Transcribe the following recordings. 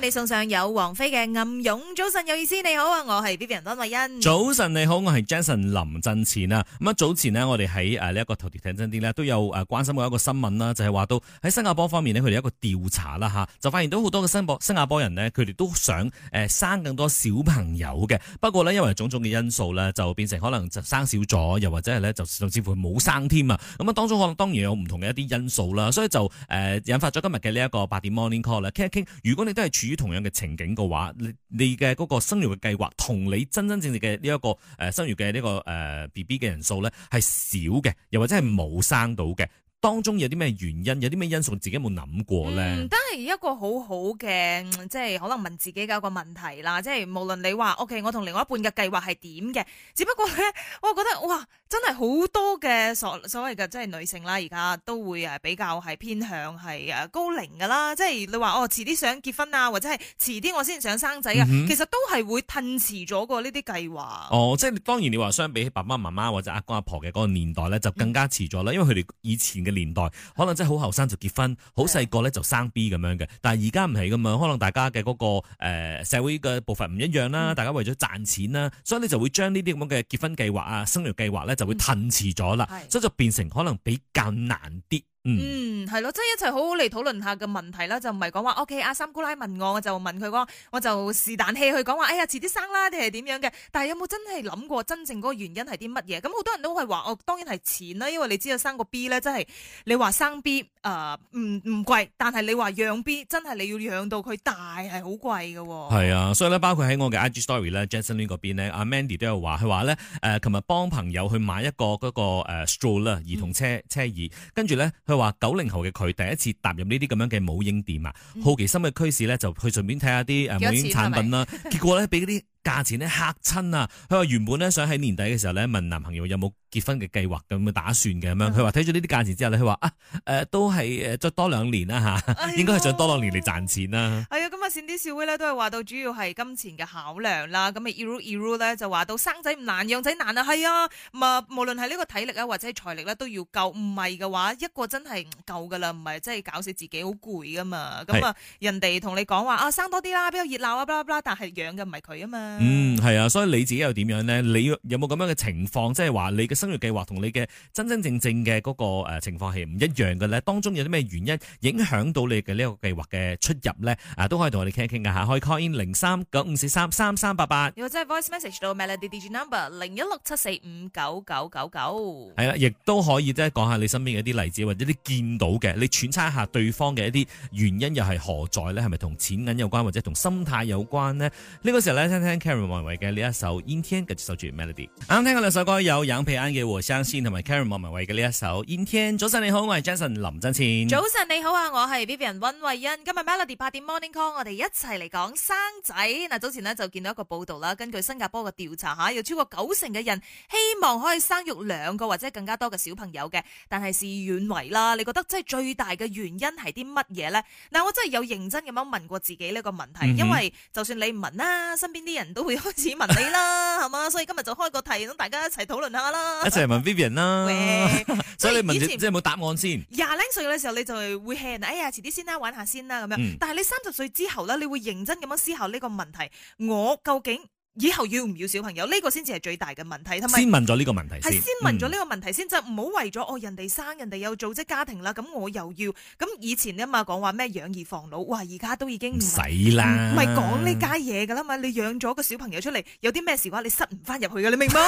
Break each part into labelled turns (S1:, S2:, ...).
S1: 你送上有王菲嘅暗湧，早晨有意思，你好啊，我係 B B 人安慧欣。早
S2: 晨你好，我係 Jason 林振前啊。咁啊，早前咧，我哋喺誒呢一個頭條聽真啲咧，都有誒關心過一個新聞啦，就係話到喺新加坡方面咧，佢哋有一個調查啦吓、啊，就發現到好多嘅新新加坡人咧，佢哋都想誒、呃、生更多小朋友嘅。不過咧，因為種種嘅因素咧，就變成可能就生少咗，又或者係咧，就甚至乎冇生添啊。咁啊，當中可能當然有唔同嘅一啲因素啦，所以就誒、呃、引發咗今日嘅呢一個八點 morning call 啦，傾一傾。如果你都係於同樣嘅情景嘅話，你你嘅嗰個生育嘅計劃同你真真正正嘅呢一個誒生育嘅呢個誒 B B 嘅人數咧係少嘅，又或者係冇生到嘅。當中有啲咩原因，有啲咩因素，自己冇諗過咧？
S1: 都係、嗯、一個好好嘅，即係可能問自己嘅一個問題啦。即係無論你話，OK，我同另外一半嘅計劃係點嘅？只不過咧，我覺得哇，真係好多嘅所所謂嘅，即係女性啦，而家都會比較係偏向係高齡噶啦。即係你話哦，遲啲想結婚啊，或者係遲啲我先想生仔呀，嗯、哼其實都係會褪遲咗個呢啲計劃。計
S2: 劃哦，即係當然你話相比起爸爸媽媽或者阿公阿婆嘅嗰個年代咧，就更加遲咗啦，嗯、因為佢哋以前。嘅年代可能即係好後生就結婚，好細個咧就生 B 咁樣嘅，但係而家唔係咁樣，可能大家嘅嗰個誒社會嘅步伐唔一樣啦，大家為咗賺錢啦，所以你就會將呢啲咁嘅結婚計劃啊、生育計劃咧就會褪遲咗啦，所以就變成可能比較難啲。
S1: 嗯，係咯，即係一齊好好嚟，討論下嘅問題啦，就唔係講話，OK，阿三姑奶問我，我就問佢話，我就是但氣去講話，哎呀，遲啲生啦，定係點樣嘅？但係有冇真係諗過真正嗰個原因係啲乜嘢？咁好多人都係話，我當然係錢啦，因為你知道生個 B 咧，真係你話生 B，誒、呃，唔唔貴，但係你話養 B，真係你要養到佢大係好貴嘅。
S2: 係啊，所以咧，包括喺我嘅 IG story 咧，Jason Lee 嗰邊咧，阿 Mandy 都有話，佢話咧，誒、呃，琴日幫朋友去買一個嗰個誒 stroller 兒童車車椅，跟住咧話九零後嘅佢第一次踏入呢啲咁樣嘅母嬰店啊，嗯、好奇心嘅驅使咧，就去順便睇下啲誒母嬰產品啦。結果咧，俾嗰啲價錢咧嚇親啊！佢話原本咧想喺年底嘅時候咧問男朋友有冇結婚嘅計劃，咁嘅打算嘅咁樣，佢話睇咗呢啲價錢之後咧，佢話啊誒、呃、都係誒再多兩年啦、啊、吓，哎、呦應該係想多兩年嚟賺錢
S1: 啦。係啊，今啲小 V 咧都係話到主要係金錢嘅考量。啦。咁啊 Eru Eru 咧就話到生仔唔難，養仔難啊，係啊，啊無論係呢個體力啊或者係財力咧都要夠，唔係嘅話一個真係唔夠噶啦，唔係真係搞死自己好攰噶嘛。咁，是啊人哋同你講話啊生多啲啦比較熱鬧啊，blah blah，但係養嘅唔係佢啊嘛。
S2: 嗯，係啊，所以你自己又點樣咧？你有冇咁樣嘅情況，即係話你嘅生育計劃同你嘅真真正正嘅嗰個誒情況係唔一樣嘅咧？當中有啲咩原因影響到你嘅呢個計劃嘅出入咧？啊，都可以同我哋傾一傾噶吓，可以 call in 零三九五四三三三八八，
S1: 又或者係 voice message 到 melody digit number 零一六七四五九九九九，
S2: 係啦，亦都可以即係講下你身邊嘅一啲例子，或者啲見到嘅，你揣測一下對方嘅一啲原因又係何在咧？係咪同錢銀有關，或者同心態有關咧？呢個時候咧，聽聽。Karen 莫文蔚嘅呢一首《陰天》嘅繼續守住 melody 啱聽過兩首歌，首歌有楊培安嘅《我相信》，同埋 Karen 莫文蔚嘅呢一首《陰天》。早晨你好，我係 Jason 林振前。早
S1: 晨你好啊，我係 Vivian 温慧欣。今日 melody 八點 morning call，我哋一齊嚟講生仔。嗱早前呢就見到一個報道啦，根據新加坡嘅調查吓、啊，有超過九成嘅人希望可以生育兩個或者更加多嘅小朋友嘅，但係事與願違啦。你覺得即係最大嘅原因係啲乜嘢呢？嗱，我真係有認真咁樣問過自己呢個問題，嗯、哼因為就算你唔問啦、啊，身邊啲人。都會開始問你啦，係嘛？ 所以今日就開個題，咁大家一齊討論下啦。
S2: 一齊問 Vivian 啦。所以你問唔知有冇答案先。
S1: 廿零歲嘅時候你就會，哎呀，遲啲先，先啦，玩下先啦咁樣。但係你三十歲之後咧，你會認真咁樣思考呢個問題，我究竟以後要唔要小朋友呢個先至係最大嘅問題，同埋先問咗呢
S2: 個問題先，係先問咗呢個
S1: 問題先，就唔好為咗哦人哋生人哋有組織家庭啦，咁我又要咁以前啊嘛講話咩養兒防老，哇而家都已經唔使啦，唔係講呢家嘢噶啦嘛，你養咗個小朋友出嚟有啲咩事話你塞唔翻入去噶，你明冇？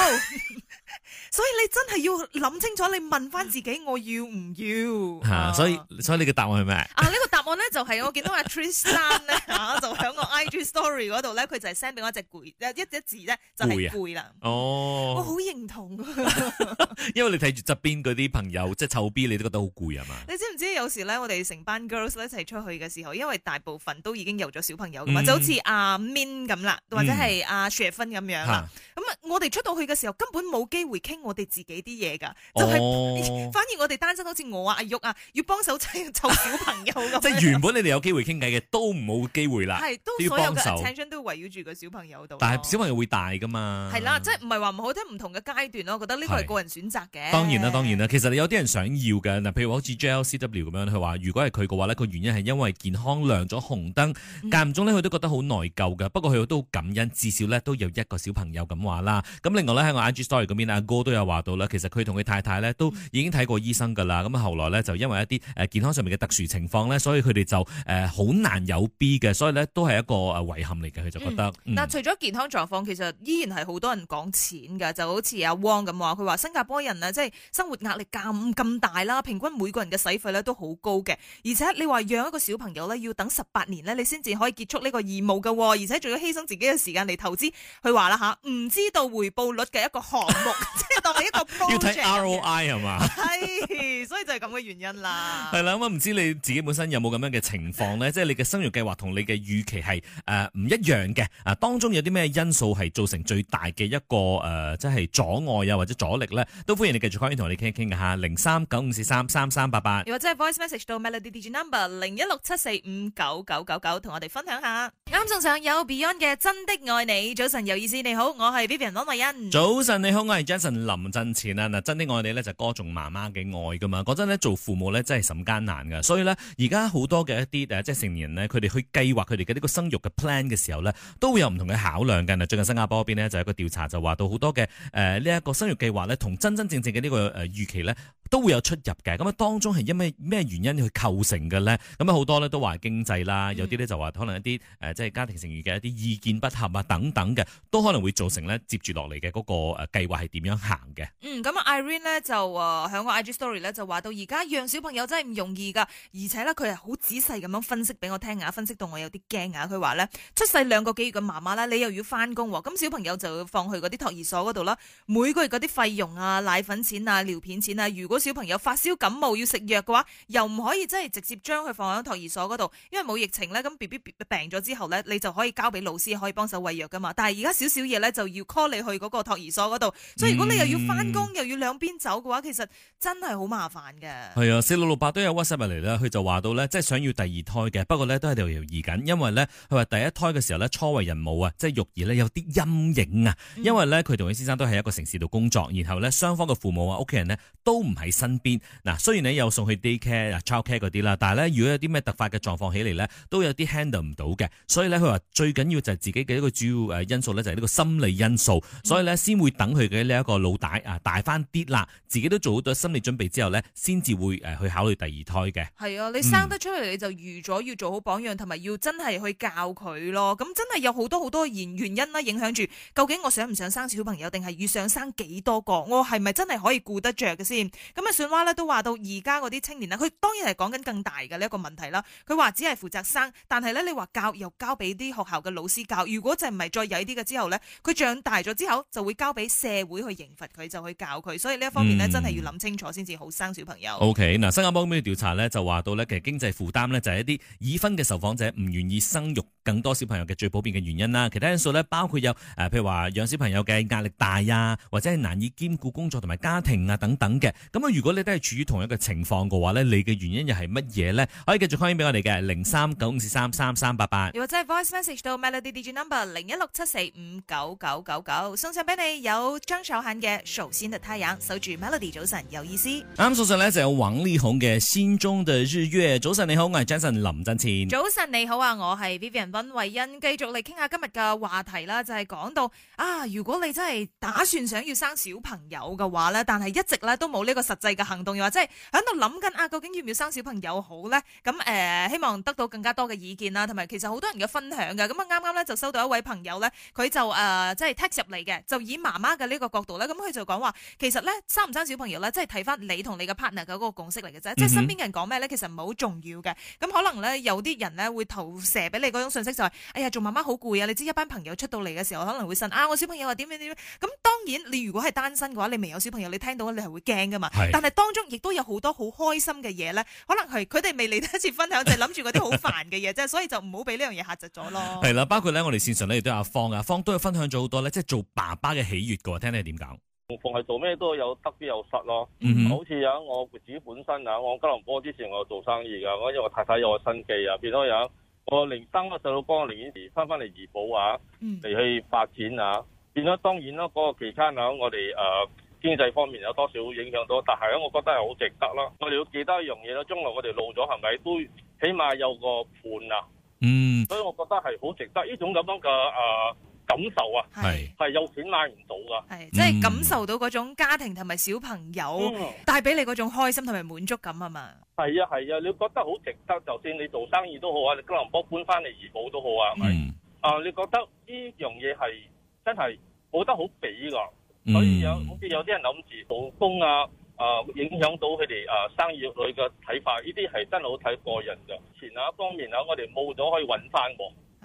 S1: 所以你真係要諗清楚，你問翻自己我要唔要？
S2: 吓，所以所以你嘅答案係咩
S1: 啊？呢個答案咧就係我見到阿 Trish 生咧吓，就響個 IG Story 嗰度咧，佢就係 send 俾我一隻攰。一隻字咧就攰攰啦，
S2: 啊 oh。哦，我好
S1: 認同。
S2: 因為你睇住側邊嗰啲朋友，即係臭 B，你都覺得好攰係嘛？你
S1: 知唔知道有時咧，我哋成班 girls 一齊 girl 出去嘅時候，因為大部分都已經有咗小朋友噶嘛，嗯、就好似阿 Min 咁啦，或者係阿 Share 芬咁樣啦，咁啊行。我哋出到去嘅時候根本冇機會傾我哋自己啲嘢噶，就係、
S2: 是、反
S1: 而我哋單身好似我啊阿玉啊，要幫手湊小朋友咁。 即係原本
S2: 你哋有機會傾偈嘅，都唔冇機會啦。係，都所有嘅 interaction
S1: 都圍繞住個小朋友度。但係
S2: 小朋友會大噶嘛？係啦，即
S1: 係唔係話唔好聽，唔同嘅階段咯。我覺得呢個係個人選擇嘅。當然啦，當
S2: 然啦。其實你有啲人想要嘅嗱，譬如好似 JLCW 咁樣，佢話如果係佢嘅話呢，個原因係因為健康亮咗紅燈，間唔中咧佢都覺得好內疚噶。不過佢都感恩，至少呢，都有一個小朋友咁話啦。咁另外咧喺我 IG Story 嗰邊阿哥都有話到啦，其實佢同佢太太咧都已經睇過醫生噶啦，咁後來咧就因為一啲誒健康上面嘅特殊情況咧，所以佢哋就誒好難有 B 嘅，所以咧都係一個誒遺憾嚟嘅，佢就覺得。嗱、嗯，
S1: 嗯、除咗健康狀況，其實依然係好多人講錢噶，就好似阿汪咁話，佢話新加坡人啊，即係生活壓力咁咁大啦，平均每個人嘅使費咧都好高嘅，而且你話養一個小朋友咧要等十八年咧，你先至可以結束呢個義務嘅，而且仲要犧牲自己嘅時間嚟投資，佢話啦吓，唔知道。回報率嘅一個項目， 即係當係一個 project 要
S2: 睇 ROI 係嘛是吧？係
S1: 所以就係咁嘅原因啦。
S2: 係啦，咁我唔知道你自己本身有冇咁樣嘅情況咧， 即係你嘅生育計劃同你嘅預期係誒唔一樣嘅。啊，當中有啲咩因素係造成最大嘅一個誒、呃，即係阻礙啊或者阻力咧？都歡迎你繼續 continue 同我哋傾一傾嘅吓，零三九五四三三三八八，或
S1: 者係 voice message 到 Melody Digi number 零一六七四五九九九九，同我哋分享一下。啱仲上有 Beyond 嘅《真的愛你》。早晨有意思，你好，我係 Vivian 温諾欣。早
S2: 晨你好，我係 Jason 林振前啊。嗱，《真的愛你》呢咧就係、歌頌媽媽嘅愛噶嘛。講真咧，做父母咧真係甚艱難噶。所以咧，而家好多嘅一啲誒，即係成年人咧，佢哋去計劃佢哋嘅呢個生育嘅 plan 嘅時候咧，都會有唔同嘅考量㗎。嗱，最近新加坡嗰邊咧就有一個調查就，就話到好多嘅誒呢一個生育計劃咧，同真真正正嘅呢個誒預期咧。都會有出入嘅，咁啊當中係因為咩原因去構成嘅咧？咁啊好多咧都話經濟啦，有啲咧就話可能一啲誒即係家庭成員嘅一啲意見不合啊等等嘅，都可能會造成咧接住落嚟嘅嗰個誒計劃係點樣行嘅？
S1: 嗯，咁啊 Irene 咧就誒喺個 IG story 咧就話到而家養小朋友真係唔容易㗎，而且咧佢係好仔細咁樣分析俾我聽啊，分析到我有啲驚啊！佢話咧出世兩個幾月嘅媽媽咧，你又要翻工喎，咁小朋友就要放去嗰啲托兒所嗰度啦，每個月嗰啲費用啊，奶粉錢啊，尿片錢啊，如果小朋友發燒感冒要食藥嘅話，又唔可以真係直接將佢放喺托兒所嗰度，因為冇疫情咧。咁 B B 病咗之後咧，你就可以交俾老師，可以幫手餵藥噶嘛。但係而家少少嘢咧，就要 call 你去嗰個托兒所嗰度。所以如果你又要翻工、嗯、又要兩邊走嘅話，其實真係好麻煩嘅。
S2: 係啊，四六六八都有 WhatsApp 入嚟啦，佢就話到咧，即係想要第二胎嘅，不過咧都喺度猶豫緊，因為咧佢話第一胎嘅時候咧初為人母啊，即係育兒咧有啲陰影啊。嗯、因為咧佢同佢先生都喺一個城市度工作，然後咧雙方嘅父母啊、屋企人呢，都唔係。身邊嗱，雖然你有送去 day care、child care 嗰啲啦，但係咧，如果有啲咩突發嘅狀況起嚟咧，都有啲 handle 唔到嘅。所以咧，佢話最緊要就係自己嘅一個主要誒因素咧，就係呢個心理因素。嗯、所以咧，先會等佢嘅呢一個老大啊大翻啲啦，自己都做好咗心理準備之後咧，先至會誒去考慮第二胎嘅。
S1: 係啊，你生得出嚟、嗯、你就預咗要做好榜樣，同埋要真係去教佢咯。咁真係有好多好多原因啦，影響住究竟我想唔想生小朋友，定係想生幾多個？我係咪真係可以顧得着嘅先？咁啊，算娃咧都話到而家嗰啲青年咧，佢當然係講緊更大嘅呢一個問題啦。佢話只係負責生，但係咧你話教又交俾啲學校嘅老師教。如果就唔係再曳啲嘅之後咧，佢長大咗之後就會交俾社會去刑罰佢，就去教佢。所以呢一方面咧，真係要諗清楚先至好生小朋友。嗯。
S2: OK，嗱新加坡咩調查咧就話到咧，其實經濟負擔咧就係一啲已婚嘅受訪者唔願意生育更多小朋友嘅最普遍嘅原因啦，其他因素咧包括有誒、呃，譬如話養小朋友嘅壓力大啊，或者係難以兼顧工作同埋家庭啊等等嘅。咁、嗯、啊，如果你都係處於同一個情況嘅話咧，你嘅原因又係乜嘢咧？可以繼續 call in 俾我哋嘅零三九五四三三三八八，又
S1: 或者係 voice message 到 Melody Digi number 零一六七四五九九九九，99 99, 送上俾你有張手限嘅《首先的太陽》，守住 Melody 早晨有意思。
S2: 啱送、嗯、上咧就有王力宏嘅《心中的日月》，早晨你好，我係 Jason 林振前。早
S1: 晨你好啊，我係 Vivian。尹慧欣繼續嚟傾下今日嘅話題啦，就係、是、講到啊，如果你真係打算想要生小朋友嘅話咧，但係一直咧都冇呢個實際嘅行動，又話即係喺度諗緊啊，究竟要唔要生小朋友好咧？咁誒、呃，希望得到更加多嘅意見啦，同埋其實好多人嘅分享嘅，咁我啱啱咧就收到一位朋友咧，佢就誒即係 text 入嚟嘅，就以媽媽嘅呢個角度咧，咁佢就講話，其實咧生唔生小朋友咧，即係睇翻你同你嘅 partner 嘅嗰個共識嚟嘅啫，即係、嗯、哼身邊嘅人講咩咧，其實唔係好重要嘅，咁可能咧有啲人咧會投射俾你嗰種就係、是，哎呀，做媽媽好攰啊！你知一班朋友出到嚟嘅時候，可能會呻啊，我小朋友又點樣點樣。咁當然，你如果係單身嘅話，你未有小朋友，你聽到你係會驚噶嘛？是但係當中亦都有好多好開心嘅嘢咧，可能係佢哋未嚟得一次分享，就諗住嗰啲好煩嘅嘢啫。 所以就唔好俾呢樣嘢吓窒咗
S3: 咯。係
S2: 啦，包括咧，我哋線上咧亦都有阿方啊，阿方都係分享咗好多咧，即、就、係、是、做爸爸嘅喜悅噶。聽你點
S3: 講？逢係做咩都有得必有失咯。Mm hmm. 好似有我自己本身啊，我吉隆坡之前我有做生意噶，我因為我太太有我身紀啊，變咗有。我零生嗰細佬哥零幾年翻翻嚟怡保啊，嚟去發展啊，變咗當然啦，嗰、那個期間響我哋誒、呃、經濟方面有多少影響到，但係咧我覺得係好值得啦。我哋要記得一樣嘢啦，將來我哋老咗係咪都起碼有個伴啊？嗯，所以我覺得係好值得呢種咁樣嘅誒。呃感受啊，係係是有錢拉唔到噶係即
S1: 係感受到嗰種家庭同埋小朋友帶俾、嗯、你嗰種開心同埋滿足感是啊嘛。
S3: 係啊係啊，你覺得好值得，就算你做生意都好啊，你吉隆坡搬翻嚟怡寶都好啊，係是是啊，你覺得呢樣嘢，係真係我覺得好俾噶嗯、所以、啊、有
S2: 好
S3: 似有啲人諗住做工啊，啊影響到佢哋啊生意裏嘅睇法，呢啲係真係好睇個人噶。錢啊方面啊，我哋冇咗可以搵翻，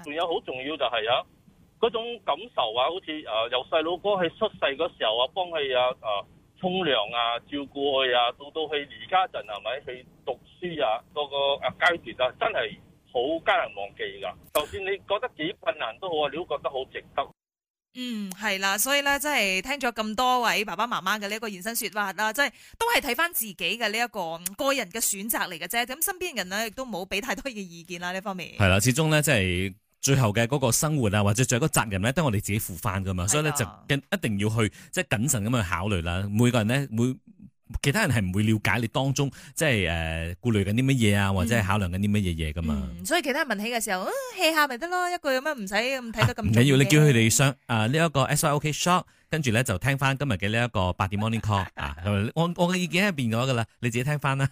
S3: 仲的有好重要就係啊。嗰種感受啊，好似誒、呃、由細佬哥喺出世嗰時候幫佢啊，幫佢啊啊沖涼啊，照顧佢啊，到到佢而家陣係咪去讀書啊，嗰、嗰個誒階、啊、段啊，真係好艱難忘記噶。就算你覺得幾困難都好啊，你都覺得好值得。嗯，
S1: 係啦，所以咧，真係聽咗咁多位爸爸媽媽嘅呢一個現身說法啦，真係都係睇翻自己嘅呢一個個人嘅選擇嚟嘅啫。咁身邊人咧亦都冇俾太多嘅意見啦。呢方面
S2: 係啦，始終咧即係。真最後嘅嗰個生活啊，或者最後個責任咧，都我哋自己負翻噶嘛，的所以咧就一定要去即係謹慎咁去考慮啦。每個人咧，每其他人係唔會了解你當中即係誒顧慮緊啲乜嘢啊，就是，或者係考量緊啲乜嘢嘢噶嘛，嗯嗯。
S1: 所以其他人問起嘅時候，嗯 hea 下咪得咯，一句咁樣唔使咁睇得咁緊要。啊，要你叫佢哋
S2: 上啊呢一，這個 S O K，OK，s h o p 跟住咧就聽翻今日嘅呢一個八點 morning call 啊。我我嘅意見係變咗噶啦，你自己聽翻啦。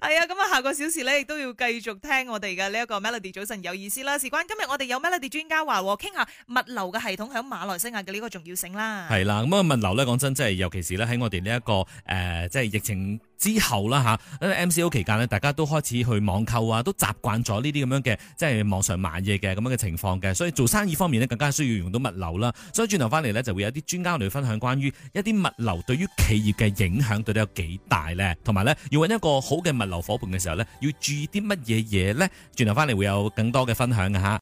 S1: 係啊，咁啊、 哎、下個小時咧，亦都要繼續聽我哋嘅呢一個 Melody 早晨有意思啦。事關今日我哋有 Melody 專家話，傾下物流嘅系統響馬來西亞嘅呢個重要性啦。
S2: 係啦，咁、那、啊、個、物流咧講真，即係尤其是咧喺我哋呢一個誒、呃，即係疫情。之後啦吓，喺 MCO 期間呢，大家都開始去網購啊，都習慣咗呢啲咁樣嘅，即係網上買嘢嘅咁樣嘅情況嘅，所以做生意方面呢，更加需要用到物流啦。所以轉頭翻嚟呢，就會有啲專家嚟分享關於一啲物流對於企業嘅影響，到底有幾大呢。同埋呢，要揾一個好嘅物流伙伴嘅時候呢，要注意啲乜嘢嘢呢？轉頭翻嚟會有更多嘅分享㗎！吓。